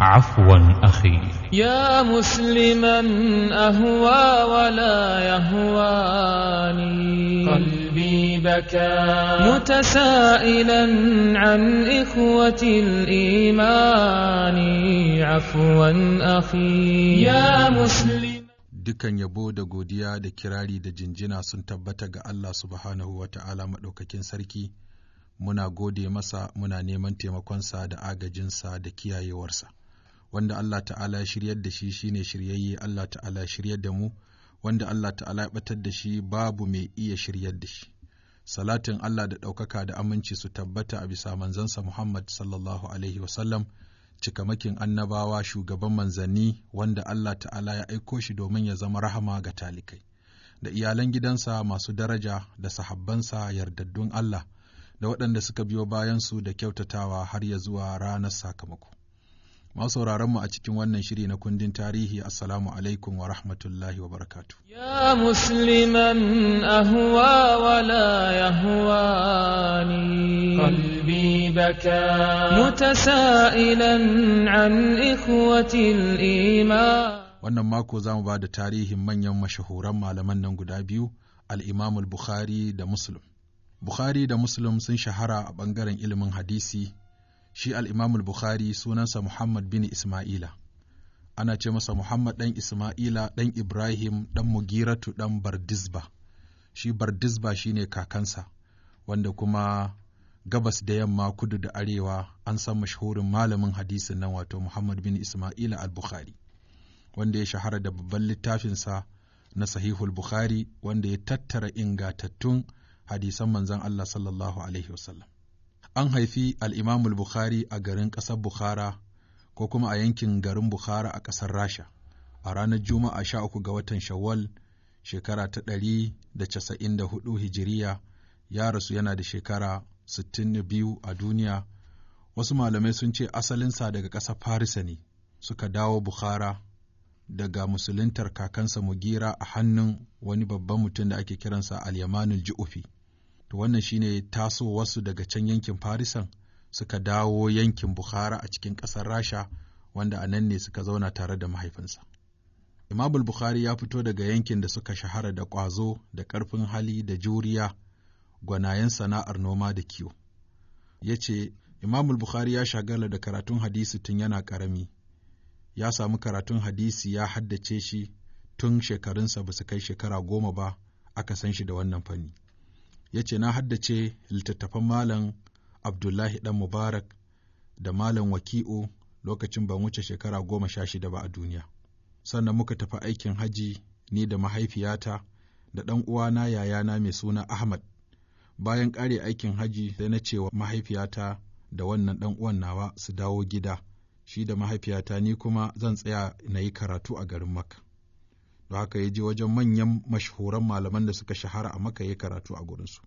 عفوا أخي يا مسلما أهوى ولا يهواني قلبي بكى متسائلا عن إخوة الإيمان عفوا أخي يا مسلم dukan yabo da godiya da kirari da jinjina sun tabbata ga Allah subhanahu wa ta'ala maɗaukakin sarki, muna gode masa muna neman taimakonsa da agajinsa da kiyayewarsa. wanda Allah ta'ala ya shiryar da shi shine shiryayye Allah ta'ala ya shiryar da mu wanda Allah ta'ala ya batar da shi babu mai iya shiryar da shi salatin Allah da ɗaukaka da aminci su tabbata a bisa manzansa Muhammad sallallahu alaihi wasallam cikamakin annabawa shugaban manzanni wanda Allah ta'ala ya aiko shi domin ya zama rahama ga talikai da iyalan gidansa masu daraja da sahabbansa yardaddun Allah da waɗanda suka biyo bayansu da kyautatawa har ya zuwa ranar sakamako. Masu mu a cikin wannan shiri na kundin tarihi Assalamu alaikum wa rahmatullahi wa barakatu. Ya musliman ahuwa wa la ni qalbi baka mutasailan an ikwatil iman Wannan mako za mu ba da tarihin manyan mashahuran malaman nan guda biyu, al-Imam bukhari da Muslim. Bukhari da Muslim sun shahara a ɓangaren ilimin hadisi shi al'imamul Bukhari sunansa Muhammad bin Ismaila. Ana ce masa Muhammad ɗan Ismaila ɗan Ibrahim ɗan Mugiratu ɗan Bardisba. Shi Bardisba shi ne kakansa, wanda kuma gabas da yamma kudu da arewa an san mashhurin malamin hadisin nan wato Muhammad bin Ismaila al-Bukhari. Wanda ya shahara da babban littafinsa na Sahihul Bukhari wanda ya tattara ingantattun hadisan manzon Allah sallallahu Alaihi wasallam. an haifi al'imamul Bukhari a garin ƙasar Bukhara ko kuma a yankin garin Bukhara a ƙasar Rasha a ranar Juma'a sha uku ga watan Shawwal shekara ta ɗari da casa'in da hudu hijiriya ya rasu yana da shekara sittin da biyu a duniya wasu malamai sun ce asalinsa daga ƙasar Farisa ne suka dawo Bukhara daga musuluntar kakansa Mugira a hannun wani babban mutum da ake kiransa Al-Yamanul to wannan shine wasu daga can yankin farisan suka dawo yankin bukhara a cikin ƙasar rasha wanda a nan ne suka zauna tare da mahaifinsa imam bukhari ya fito daga yankin da suka shahara da ƙwazo da ƙarfin hali da juriya gwanayen sana'ar noma da kiwo ya ce imamul bukhari ya shagala da karatun hadisi tun yana ƙarami ya samu karatun hadisi ya haddace shi tun shekarunsa ba su kai shekara goma ba aka san shi da wannan fanni ya ce na haddace littattafan malam abdullahi dan mubarak da malam waki'u lokacin ban wuce shekara goma sha shida ba a duniya sannan muka tafi aikin haji ni da mahaifiyata da ɗan uwana yayana mai suna ahmad bayan ƙare aikin haji sai na ce wa mahaifiyata da wannan ɗan uwan nawa su dawo gida shi da mahaifiyata ni kuma zan tsaya na yi karatu a garin Makka. don haka ya je wajen manyan mashhuran malaman da suka shahara a maka ya karatu a gurinsu.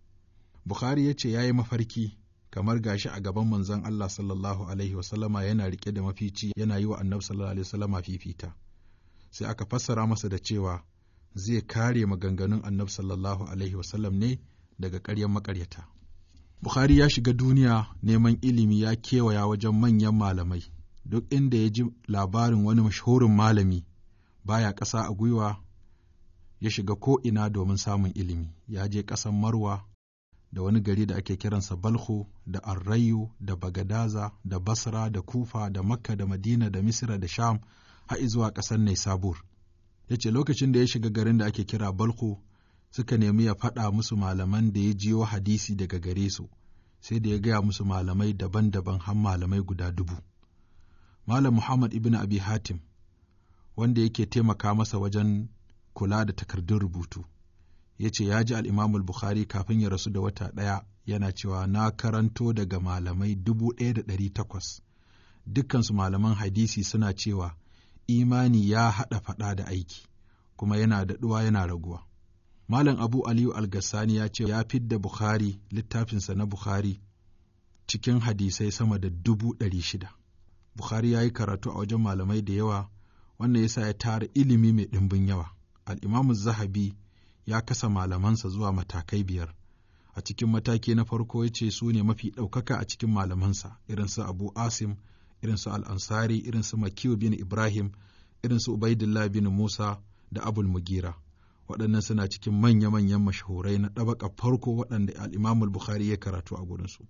Bukhari ya ce ya yi mafarki kamar gashi a gaban manzon Allah sallallahu alaihi wasallama yana rike da mafici yana yi wa annabi sallallahu alaihi wasallama fifita. Sai aka fassara masa da cewa zai kare maganganun annabi sallallahu alaihi wasallam ne daga karyan maƙaryata. Bukhari ya shiga duniya neman ilimi ya kewaya wajen manyan malamai, duk inda ya ji labarin wani mashhurin malami baya ƙasa a gwiwa ya shiga ko'ina domin samun ilimi, ya je ƙasan Marwa da wani gari da ake kiransa Balho da Arrayu da Bagadaza da Basra da Kufa da Makka da Madina da Misira da Sham har zuwa ƙasar Naisabur. Ya ce lokacin da ya shiga garin da ake kira Balho suka nemi ya faɗa musu malaman da ya jiyo hadisi daga gare su, sai da ya gaya musu malamai daban-daban har malamai guda dubu. Malam Muhammad ibn Abi Hatim wanda yake taimaka masa wajen kula da takardun rubutu ya ce ya ji al'imamul bukhari kafin ya rasu da wata ɗaya yana cewa na karanto daga malamai dubu ɗaya da ɗari takwas dukkansu malaman hadisi suna cewa imani ya haɗa faɗa da aiki kuma yana daɗuwa yana raguwa malam abu aliyu algassani ya ce ya fidda bukhari littafinsa na bukhari cikin hadisai sama da dubu ɗari shida bukhari ya yi karatu a wajen malamai da yawa wannan yasa ya tara ilimi mai ɗimbin yawa al'imamu zahabi ya kasa malamansa zuwa matakai biyar a cikin mataki na farko ya ce su ne mafi ɗaukaka a cikin malamansa irin su abu asim irin su al'ansari irin su makiyu bin ibrahim irin su ubaidillah bin musa da abul mugira waɗannan suna cikin manya-manyan mashahurai na ɗabaka farko waɗanda al'imamul bukhari ya karatu a gurinsu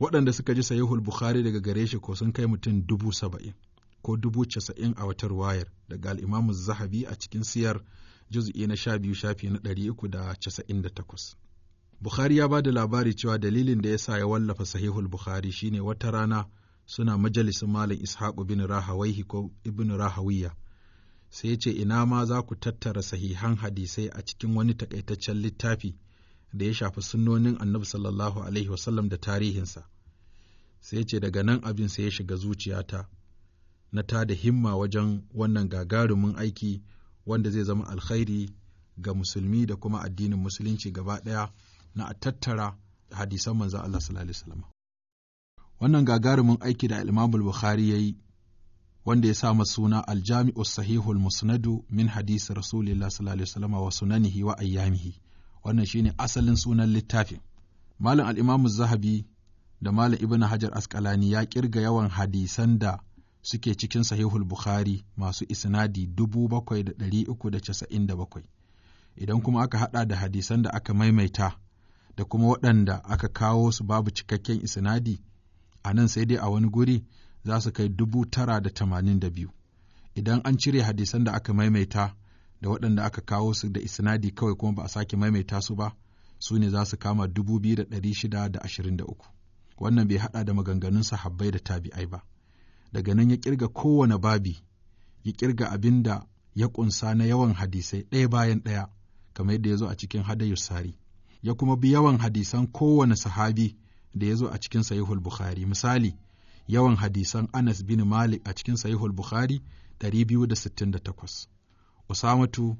waɗanda suka ji sayihul bukhari daga gare shi ko sun kai mutum dubu saba'in ko dubu casa'in a watar wayar daga al'imamu zahabi a cikin siyar juz'i na sha biyu shafi na ɗari uku da casa'in da takwas. Bukhari ya ba da labari cewa dalilin da ya sa ya wallafa sahihul Bukhari shine wata rana suna majalisin Malam Ishaq bin Rahawaihi ko Ibn Rahawiya. Sai ya ce ina ma za ku tattara sahihan hadisai a cikin wani takaitaccen littafi da ya shafi sunnonin Annabi sallallahu alaihi wasallam da tarihinsa. Sai ya ce daga nan abin sai ya shiga zuciyata na ta da himma wajen wannan gagarumin aiki wanda zai zama alkhairi ga musulmi da kuma addinin musulunci gaba ɗaya na a tattara hadisan manzan Allah sallallahu Wannan gagarumin aiki da Imamul Bukhari ya yi wanda ya sa suna Aljami'u Sahihul Musnadu min hadisi Rasulillah sallallahu alaihi wasallam wa sunanihi wa ayyamihi. Wannan shine asalin sunan littafin. Malam al Zahabi da Malam Ibn Hajar Asqalani ya kirga yawan hadisan da suke cikin sahihul Bukhari masu isnadi bakwai. idan kuma aka haɗa da hadisan da aka maimaita da kuma waɗanda aka kawo su babu cikakken isnadi a nan sai dai a wani guri za su kai dubu da tamanin da idan an cire hadisan da aka maimaita da waɗanda aka kawo su da isnadi kawai kuma ba a sake maimaita su ba su ne za su kama dubu biyu da ashirin da uku wannan bai haɗa da maganganun sahabbai da tabi'ai ba daga nan ya kirga kowane babi ya kirga abin da ya ƙunsa na yawan hadisai ɗaya bayan ɗaya kamar yadda ya zo a cikin hadayus sari ya kuma bi yawan hadisan kowane sahabi da ya zo a cikin sahihul bukhari misali yawan hadisan anas bin malik a cikin sahihul bukhari 268 usamatu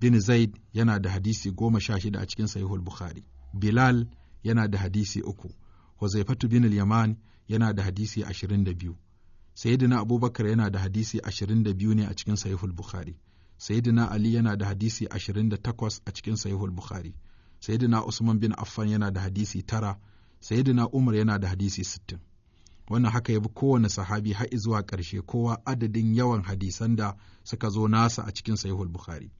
bin zaid yana da hadisi goma sha shida a cikin sahihul bukhari bilal yana da hadisi uku huzaifatu bin yaman yana da hadisi ashirin da biyu sayyidina abubakar yana da hadisi biyu ne a cikin sahihul bukhari sayyidina ali yana da hadisi ashirin da 28 a cikin sahihul bukhari sayyidina usman bin affan yana da hadisi tara sayyidina umar yana da hadisi sittin. wannan haka ya bi kowane sahabi har zuwa ƙarshe kowa adadin yawan hadisan da suka zo nasa a cikin sahihul bukhari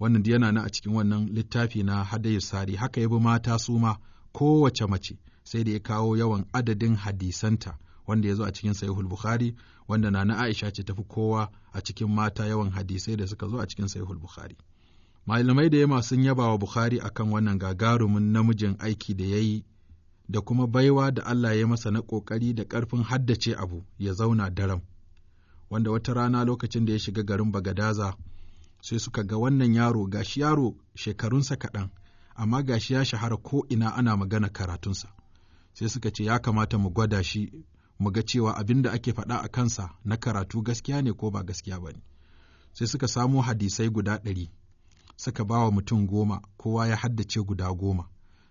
wannan yana na a cikin wannan littafi na hadayu sari haka ya bi mata su ma kowace mace sai da ya kawo yawan adadin hadisanta wanda ya zo a cikin sahihul bukhari wanda na aisha ce tafi kowa a cikin mata yawan hadisai da suka zo a cikin sahihul bukhari malamai da yamma sun yaba wa bukhari akan wannan gagarumin namijin aiki da yayi da kuma baiwa da allah ya masa na ƙoƙari da karfin haddace abu ya zauna daram wanda wata rana lokacin da ya shiga garin bagadaza sai suka ga wannan yaro gashi yaro shekarunsa kaɗan amma gashi ya shahara ko ina ana magana karatunsa sai suka ce ya kamata mu gwada shi mu ga cewa abin da ake faɗa a kansa na karatu gaskiya ne ko ba gaskiya ba ne sai suka samo hadisai guda ɗari suka ba wa mutum goma kowa ya haddace guda goma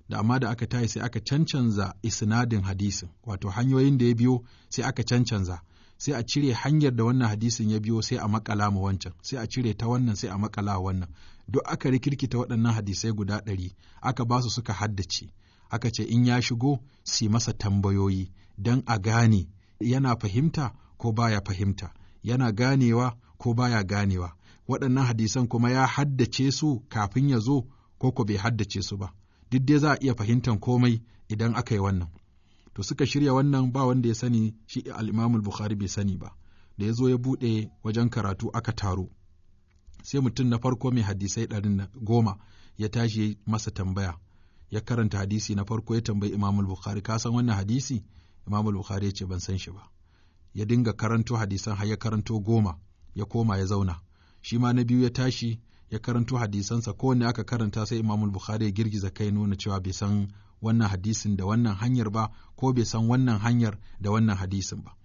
da amma da aka tayi sai aka cancanza isnadin hadisin wato hanyoyin da ya biyo sai aka cancanza sai a cire hanyar da wannan hadisin ya biyo sai a makala ma wancan sai a cire ta wannan sai a makala wannan duk aka rikirkita waɗannan hadisai guda ɗari aka ba su suka haddace aka ce in ya shigo si masa tambayoyi don a gane yana fahimta ko baya fahimta, yana ganewa ko baya ganewa. Waɗannan hadisan kuma ya haddace su kafin ya zo ko ko bai haddace su ba. Duk dai za a iya fahimtan komai idan aka yi wannan. To suka shirya wannan ba wanda ya sani shi al'imamul Bukhari bai sani ba. Da ya zo ya buɗe wajen karatu aka taru. Sai mutum na farko mai hadisai ɗarin goma ya tashi masa tambaya. Ya karanta hadisi na farko ya tambayi imamul Bukhari ka san wannan hadisi? Imam Bukhari ya ce ban san shi ba. Ya dinga karanto hadisan har ya karanto goma ya koma ya zauna. Shi ma na biyu ya tashi ya karanto hadisansa kowanne aka karanta sai Imam Bukhari ya girgiza kai nuna cewa bai san wannan hadisin da wannan hanyar ba ko bai san wannan hanyar da wannan hadisin ba.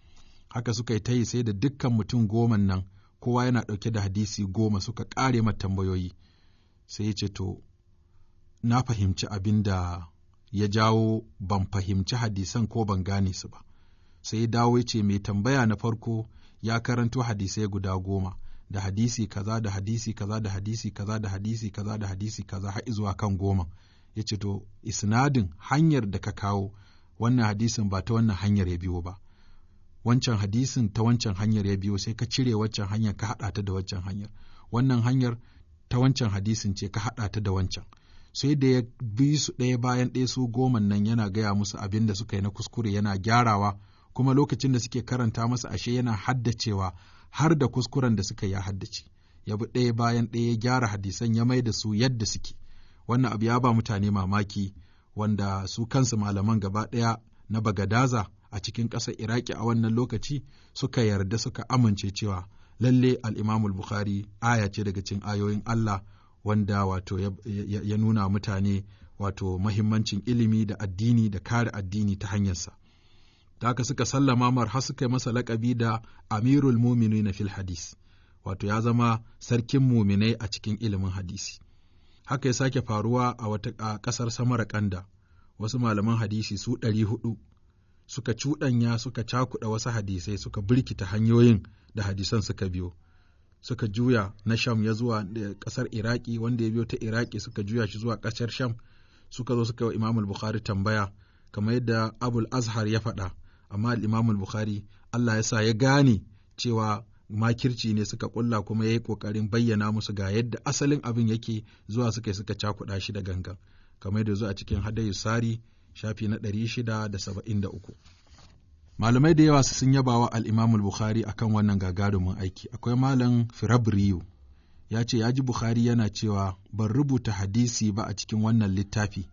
Haka suka yi tayi sai da dukkan mutum goman nan kowa yana ɗauke da hadisi goma suka kare mata tambayoyi. Sai ya ce to na fahimci abin da ya jawo ban fahimci hadisan ko ban gane su ba. Sai dawo ya ce mai tambaya na farko ya karanto hadisai guda goma da hadisi kaza da hadisi kaza da hadisi kaza da hadisi kaza da hadisi kaza har zuwa kan goma. Ya ce to isnadin hanyar da ka kawo wannan hadisin ba ta wannan hanyar ya biyo ba. Wancan hadisin ta wancan hanyar ya biyo sai ka cire wancan hanyar ka haɗa ta da wancan hanyar. Wannan hanyar ta wancan hadisin ce ka haɗa ta da wancan. sai da ya bi su ɗaya bayan ɗaya su goma nan yana gaya musu abin da suka yi na kuskure yana gyarawa kuma lokacin da suke karanta masa ashe yana haddacewa har da kuskuren da suka ya haddace ya bi ɗaya bayan ɗaya ya gyara hadisan ya mai da su yadda suke wannan abu ya ba mutane mamaki wanda su kansu malaman gaba ɗaya na bagadaza a cikin ƙasar iraki a wannan lokaci suka yarda suka amince cewa lalle al'imamul bukhari aya ce daga cikin ayoyin allah wanda wato ya, ya, ya nuna mutane wato mahimmancin ilimi da addini da kare addini ta hanyarsa. Ta haka suka sallama mar suka yi masa laƙabi da Amirul Mumini na fil hadis, wato ya zama sarkin muminai a cikin ilimin hadisi. Haka ya sake faruwa a wata ƙasar ƙanda, wasu malaman hadisi su ɗari hudu suka cuɗanya suka cakuɗa wasu hadisai suka birkita hanyoyin da hadisan suka biyo. suka juya na sham ya zuwa ƙasar iraki wanda ya biyo ta iraki suka juya shi zuwa ƙasar sham suka zo suka yi wa imamul bukhari tambaya kamar yadda abul azhar ya faɗa amma imamul bukhari allah ya sa ya gane cewa makirci ne suka kulla kuma ya yi ƙoƙarin bayyana musu ga yadda asalin abin yake zuwa suka suka cakuɗa shi da gangan kamar yadda zuwa cikin hadayu sari shafi na ɗari shida da saba'in da uku. Malamai da yawa sun yaba wa al'imamul Bukhari akan wannan gagarumin aiki. Akwai Malam Firabriyu ya ce ya ji Bukhari yana cewa ban rubuta hadisi ba a cikin wannan littafi,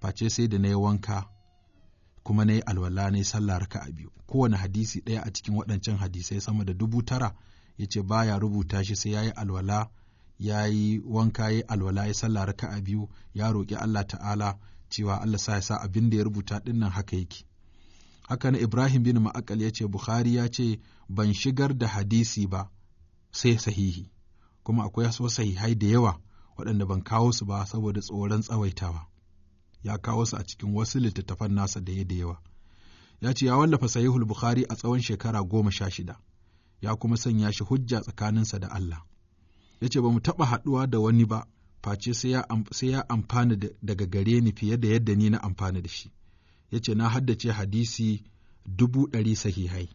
face sai da na yi wanka kuma na yi alwala na yi sallah raka a biyu. Kowane hadisi ɗaya a cikin waɗancan hadisai sama da dubu tara ya ce baya rubuta shi sai ya yi alwala ya yi wanka ya yi alwala ya sallah raka a biyu ya roƙi Allah ta'ala cewa Allah sa ya sa abin da ya rubuta ɗinnan nan haka yake. Haka na Ibrahim bin Ma'akal ya ce Bukhari ya ce ban shigar da hadisi ba sai sahihi, kuma akwai wasu sahihai da yawa waɗanda ban kawo su ba saboda tsoron tsawaitawa. Ya kawo su a cikin wasu littattafan nasa da da yawa. Ya ce ya wallafa sahihul Bukhari a tsawon shekara goma sha shida, ya kuma sanya shi hujja tsakaninsa da Allah. Ya ce ba mu taɓa haɗuwa da wani ba, face sai ya amfana daga gare ni fiye da yadda ni na amfana da shi. ya ce na haddace hadisi dubu ɗari sahihai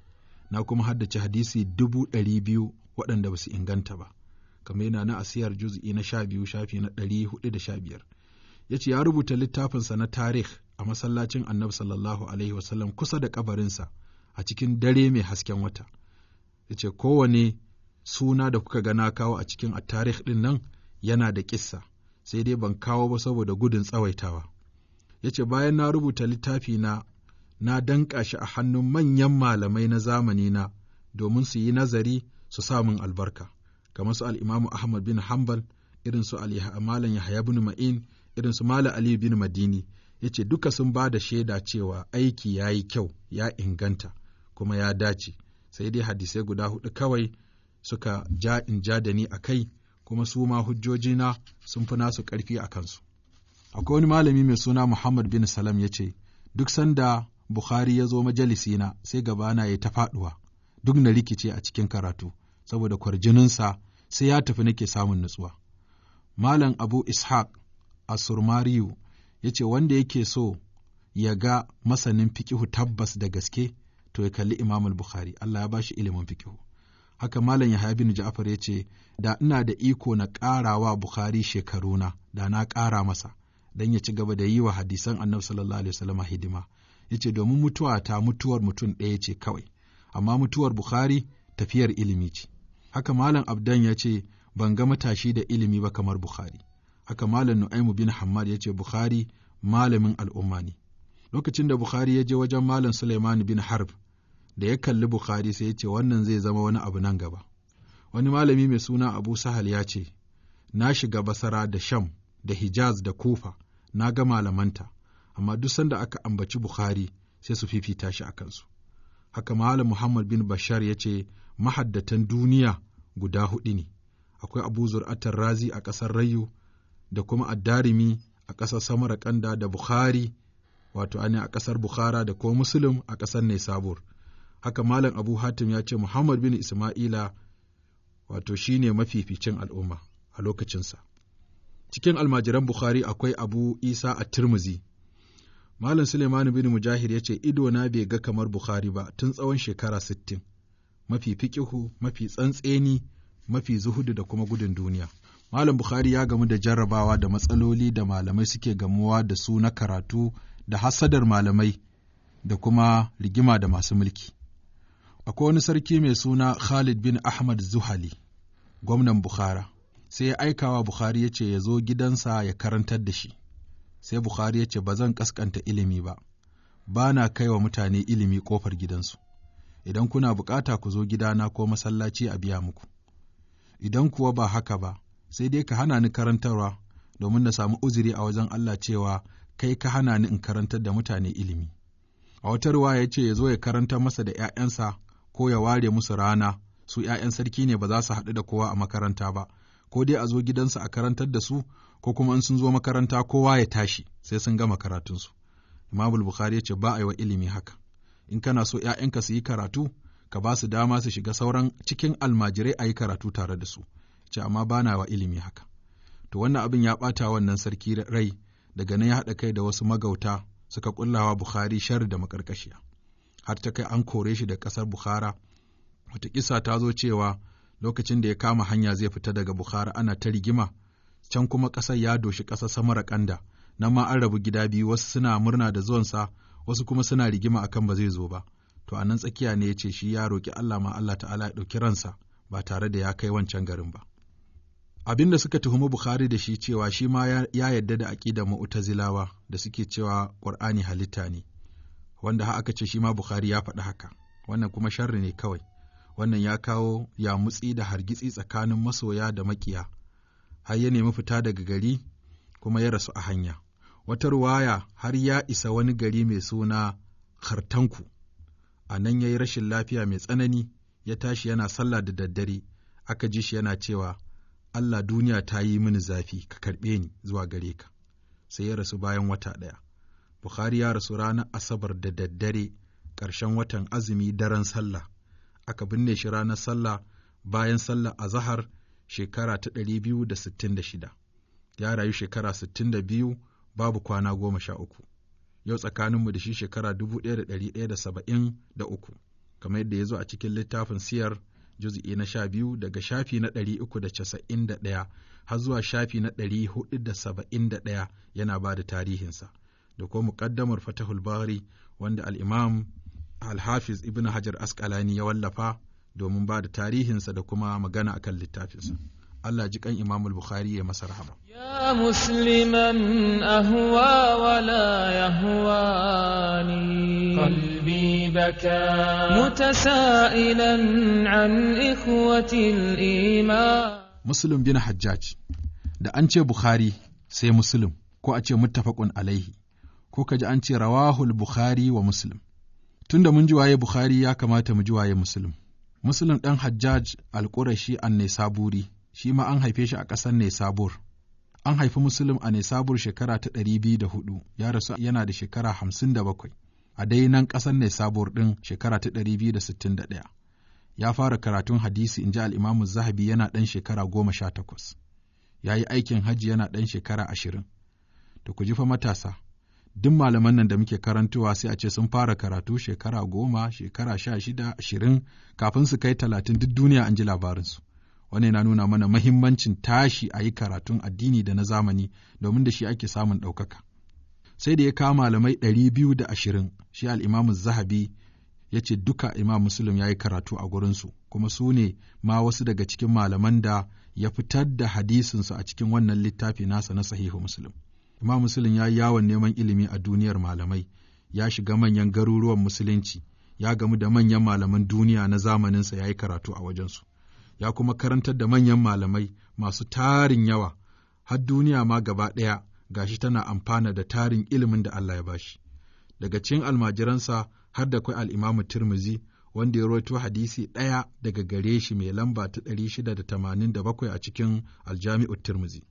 na kuma haddace hadisi dubu ɗari biyu waɗanda ba su inganta ba kamar yana na asiyar juz'i na sha biyu shafi na ɗari hudu da sha biyar ya ce ya rubuta littafinsa na tarih a masallacin annabi sallallahu alaihi wasallam kusa da kabarinsa a cikin dare mai hasken wata ya ce kowane suna da kuka gana kawo a cikin a tarih ɗin nan yana da kissa sai dai ban kawo ba saboda gudun tsawaitawa ya ce bayan na rubuta littafi na na danƙa shi a hannun manyan malamai na zamani na domin su yi nazari su samun albarka kamar su al'imamu ahmad bin Hambal, irin su malam yahaya bin ma'in irin su malam aliyu bin madini ya ce duka sun ba da shaida cewa aiki ya yi kyau ya inganta kuma ya dace sai dai hadisai guda hudu kawai suka ja in ja da ni a kai kuma su ma hujjojina sun fi nasu ƙarfi a kansu Akwai wani malami mai suna Muhammad bin Salam ya ce, Duk sanda Bukhari ya zo majalisina sai gabana ya ta faɗuwa, duk na rikice a cikin karatu, saboda kwarjininsa sai ya tafi nake samun nutsuwa. Malam Abu Ishaq a Surmariyu ya ce wanda yake so ya ga masanin fikihu tabbas da gaske to ya kalli imamul Bukhari, Allah ya ba shi ilimin fikihu. Haka Malam Yahaya bin Ja'far ya ce, da ina da iko na ƙara wa Bukhari shekaruna, da na ƙara masa. Dan ya ci gaba da yi wa hadisan annabi sallallahu alaihi wasallam hidima yace domin mutuwa ta mutuwar mutum ɗaya ce kawai amma mutuwar bukhari tafiyar ilimi ce haka malam abdan ya ce ban ga matashi da ilimi ba kamar bukhari haka malam nu'aimu bin hammad ya ce bukhari malamin al'umma ne lokacin da bukhari ya je wajen malam suleiman bin harb da ya kalli bukhari sai ya ce wannan zai zama wani abu nan gaba wani malami mai suna abu sahal ya ce na shiga basara da sham da Hijaz da kofa na ga malamanta, amma duk sanda aka ambaci Bukhari sai su fifita shi a kansu. Haka Malam Muhammad bin Bashar ya ce mahaddatan duniya guda hudu ne, akwai Abu Zur'atar Razi a ƙasar Rayu da kuma Addarimi a ƙasar ƙanda da Bukhari wato ani a ƙasar Bukhara da kuma Musulun a ƙasar Naisabur. Haka Malam Abu Hatim ya ce Muhammad bin Ismaila wato shine mafificin al'umma a lokacinsa. cikin almajiran Bukhari akwai Abu Isa a Tirmizi. Malam Suleiman bin Mujahid ya ce ido na bai ga kamar Bukhari ba tun tsawon shekara sittin, mafi fiƙihu, mafi tsantseni, mafi zuhudu da kuma gudun duniya. Malam Bukhari ya gamu da jarrabawa da matsaloli da malamai suke gamuwa da su na karatu da hasadar malamai da kuma rigima da masu mulki. Akwai wani sarki mai suna Khalid bin Ahmad Zuhali, gwamnan Bukhara. sai ya aika wa Bukhari ya ce ya zo gidansa ya karantar da shi. Sai Bukhari ya ce ba zan kaskanta ilimi ba, ba na kai wa mutane ilimi ƙofar gidansu. Idan kuna bukata ku zo gidana ko masallaci a biya muku. Idan kuwa ba haka ba, sai dai ka hana ni karantarwa domin na samu uzuri a wajen Allah cewa kai ka hana ni in karantar da mutane ilimi. A wata ruwa ya ce ya zo ya karanta masa da ‘ya'yansa ko ya ware musu rana, su ‘ya'yan sarki ne ba za su haɗu da kowa a makaranta ba, ko dai a zo gidansu a karantar da su ko kuma in sun zo makaranta kowa ya tashi sai sun gama karatunsu. Imam Bukhari ya ce ba a yi wa ilimi haka. In kana so ‘ya'yanka su yi karatu, ka ba su dama su shiga sauran cikin almajirai a yi karatu tare da su. Ce amma ba na wa ilimi haka. To wannan abin ya ɓata wannan sarki rai daga nan ya haɗa kai da wasu magauta suka kullawa Bukhari shar da makarkashiya. Har ta kai an kore shi da ƙasar Bukhara. Wata kisa ta zo cewa lokacin da ya kama hanya zai fita daga Bukhara ana ta rigima, can kuma ƙasar ya doshi ƙasar samara ƙanda, nan ma an rabu gida biyu wasu suna murna da zuwansa, wasu kuma suna rigima akan ba zai zo ba. To a nan tsakiya ne ya ce shi ya roƙi Allah ma Allah ta'ala ya ɗauki ransa ba tare da ya kai wancan garin ba. Abin da suka tuhumi Bukhari da shi cewa shi ma ya yarda da aƙidar mu'tazilawa da suke cewa Ƙur'ani halitta ne, wanda har aka ce shi ma Bukhari ya faɗi haka, wannan kuma sharri ne kawai. wannan ya kawo yamutsi da hargitsi tsakanin masoya da makiya har ya nemi fita daga gari kuma ya rasu a hanya wata ruwaya har ya isa wani gari mai suna kartanku a nan ya yi rashin lafiya mai tsanani ya tashi yana sallah da daddare aka ji shi yana cewa Allah duniya ta yi mini zafi ka karɓe ni zuwa gare ka sai ya rasu bayan wata ɗaya Bukhari ya rasu ranar Asabar da daddare ƙarshen watan azumi daren sallah aka binne shi ranar sallah bayan sallah a zahar shekara ta sittin 266 ya rayu shekara biyu babu kwana goma sha uku yau tsakaninmu da shi shekara uku, kamar yadda ya zo a cikin littafin siyar juzi'i na sha biyu daga shafi na ɗari uku da casa'in da ɗaya har zuwa shafi na ɗari hudu da saba'in da ɗaya yana ba da tarihinsa da kuma muƙaddamar fatahul bari wanda al'imam alhafiz ibn hajar askalani ya wallafa domin ba da tarihinsa da kuma magana akan littafinsa Allah ji kan Imam Bukhari ya masa rahama ya musliman ahwa wa la yahwani qalbi baka mutasailan an ikhwati al-iman Muslim bin Hajjaj da an ce Bukhari sai Muslim ko a ce muttafaqun alaihi ko kaji an ce rawahul Bukhari wa Muslim Tun da mun ji waye Bukhari ya kamata mu ji waye Muslim. Muslim ɗan Hajjaj al-Qurashi an Nesaburi, shi ma an haife shi a ƙasar Nesabur. An haifi Muslim a Nesabur shekara ta ɗari biyu da hudu, ya rasu yana da shekara hamsin da bakwai. A dai nan ƙasar Nesabur ɗin shekara ta ɗari biyu da sittin da ɗaya. Ya fara karatun hadisi in ji al'imamu Zahabi yana ɗan shekara goma sha takwas. Ya yi aikin hajji yana ɗan shekara ashirin. To ku ji fa matasa, duk malaman nan da muke karantowa sai a ce sun fara karatu shekara goma shekara sha shida ashirin kafin su kai talatin duk duniya an ji labarinsu Wani yana nuna mana mahimmancin tashi a yi karatun addini da na zamani domin da shi ake samun ɗaukaka sai da ya kawo malamai ɗari biyu da ashirin shi al'imamu zahabi ya ce duka imam musulun ya yi karatu a gurinsu kuma su ne ma wasu daga cikin malaman da ya fitar da hadisinsu a cikin wannan littafi nasa na sahihu musulun. Imam Musulun ya yi yawon neman ilimi a duniyar malamai, ya shiga manyan garuruwan musulunci, ya gamu da manyan malaman duniya na zamaninsa ya yi karatu a wajensu. Ya kuma karantar da manyan malamai masu tarin yawa, har duniya ma gaba ɗaya gashi tana amfana da tarin ilimin da Allah ya bashi. Daga cikin almajiransa har da kwai al'imamu Tirmizi, wanda ya rawaito hadisi ɗaya daga gare shi mai lamba ta ɗari shida da da bakwai a cikin aljami'u Tirmizi.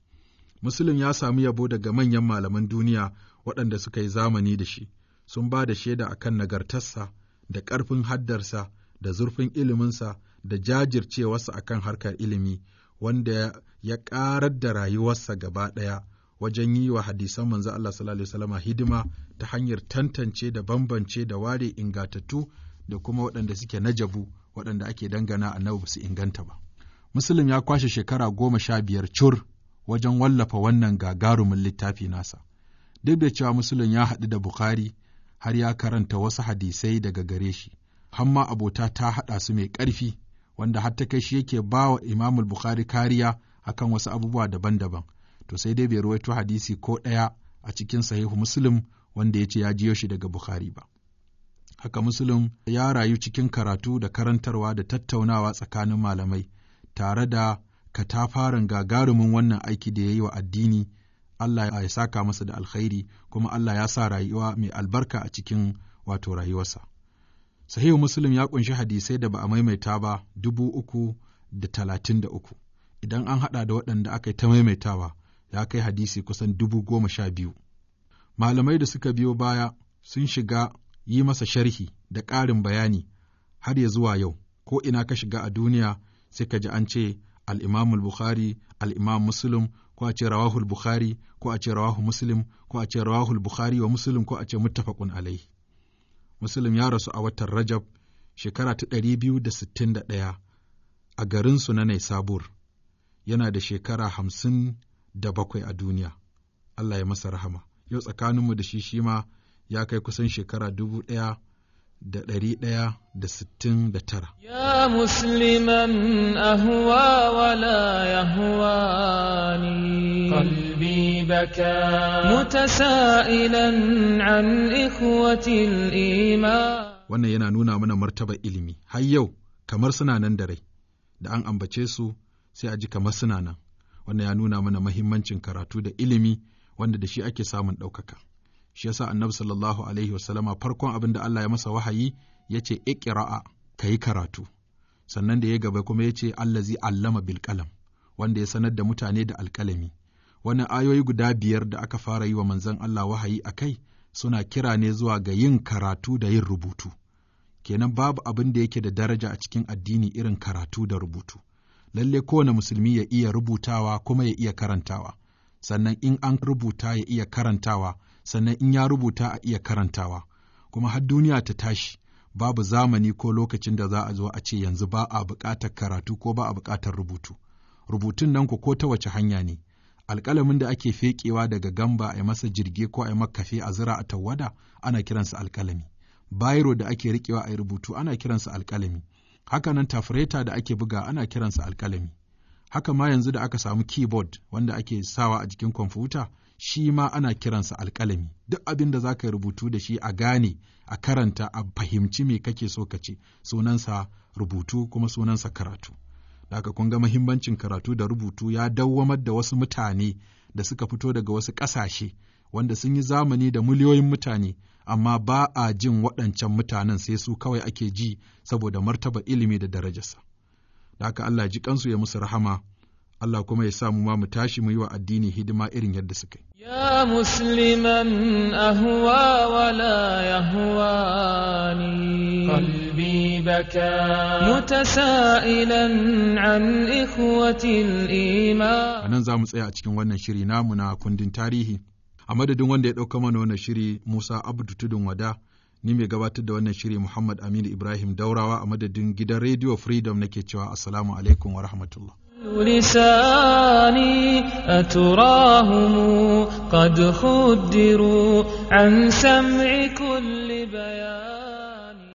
Musulun ya samu yabo daga manyan malaman duniya waɗanda suka yi zamani da shi, sun ba da shaida a kan nagartarsa, da ƙarfin haddarsa, da zurfin iliminsa, da jajircewarsa a kan harkar ilimi, wanda ya ƙarar da rayuwarsa gaba ɗaya wajen yi wa hadisan manzo Allah sallallahu hidima ta hanyar tantance da bambance da ware ingatattu da kuma waɗanda suke najabu waɗanda ake dangana annabi su inganta ba. Musulun ya kwashe shekara goma sha biyar cur wajen wallafa wannan gagarumin littafi nasa. Duk da cewa Musulun ya haɗu da Bukhari har ya karanta wasu hadisai daga gare shi, hamma abota ta haɗa su mai ƙarfi wanda har ta kai shi yake ba wa Imamul Bukhari kariya akan wasu abubuwa daban-daban. To sai dai bai ruwaito hadisi ko ɗaya a cikin sahihu Muslim wanda ya ce ya jiyo shi daga Bukhari ba. Haka Muslim ya rayu cikin karatu da karantarwa da tattaunawa tsakanin malamai tare da katafaren gagarumin wannan aiki da ya yi wa addini Allah ya saka masa da alkhairi kuma Allah ya sa rayuwa mai albarka a cikin wato rayuwarsa. Sahihu Muslim ya kunshi hadisai da ba a maimaita ba dubu uku da talatin da uku. Idan an haɗa da waɗanda aka yi ta maimaitawa ya kai hadisi kusan dubu goma sha biyu. Malamai da suka biyo baya sun shiga yi masa sharhi da ƙarin bayani har ya zuwa yau ko ina ka shiga a duniya sai ka ji an ce al-Imam al-Bukhari, al-Imam Muslim, ko a ce rawahul Bukhari, ko a ce rawahu Muslim, ko a ce rawahul Bukhari wa Muslim ko a ce muttafaqun alai. Muslim ya rasu a watan Rajab shekara ta ɗari biyu da sittin da ɗaya a garinsu na Naisabur. Yana da shekara hamsin da bakwai a duniya. Allah ya masa rahama. Yau tsakaninmu da shi shi ma ya kai kusan shekara dubu ɗaya da ɗari ɗaya da sittin da tara. Ya musliman ahuwa wala qalbi baka mutasa'ilan an ikhwatil iman Wannan yana nuna mana martaba ilimi har yau kamar suna nan da rai da an ambace su sai a ji kamar suna nan wannan ya nuna mana mahimmancin karatu da ilimi wanda da shi ake samun ɗaukaka. shi yasa annabi sallallahu alaihi wasallama farkon abin da Allah ya masa wahayi ya ce iqra'a kayi karatu sannan da ya gaba kuma ya ce allazi allama bil qalam wanda ya sanar da mutane da alkalami wannan ayoyi guda biyar da aka fara yi wa manzon Allah wahayi a kai suna kira ne zuwa ga yin karatu da yin rubutu kenan babu abin da yake da daraja a cikin addini irin karatu da rubutu lalle kowane musulmi ya iya rubutawa kuma ya iya karantawa sannan in an rubuta ya iya karantawa sannan in ya rubuta a iya karantawa, kuma har duniya ta tashi, babu zamani ko lokacin da za a zo a ce yanzu ba a buƙatar karatu ko ba a buƙatar rubutu. Rubutun nan ko ta wace hanya ne, alƙalamin da ake feƙewa daga gamba a yi masa jirge ko a yi makafe a zira a tawada ana kiransa alƙalami. Bayro da ake riƙewa a yi rubutu ana kiransa alƙalami. Hakanan tafureta da ake buga ana kiransa alƙalami. Haka ma yanzu da aka samu keyboard wanda ake sawa a jikin kwamfuta shi ma ana kiransa alƙalami duk abin da za ka rubutu da shi a gane a karanta a fahimci me kake so ka ce sunansa rubutu kuma sunansa karatu daga kun ga mahimmancin karatu da rubutu ya dawwamar da wasu mutane da suka fito daga wasu ƙasashe wanda sun yi zamani da miliyoyin mutane amma ba a jin waɗancan mutanen sai su kawai ake ji saboda martaba ilimi da darajarsa. Da haka Allah ji kansu ya musu rahama Allah kuma ya samu ma mu tashi mu yi wa addini hidima irin yadda suka yi. Ya musliman ahuwa wa la ni kalbi baka mutasailan an ikhwatil iman. nan za mu tsaya a cikin wannan shiri namu na kundin tarihi. A madadin wanda ya ɗauka mana wannan shiri Musa Abdu Tudun Wada ni mai gabatar da wannan shiri Muhammad Aminu Ibrahim Daurawa a madadin gidan Radio Freedom nake cewa Assalamu alaikum wa rahmatullah. لساني أتراهم قد خدروا عن سمع كل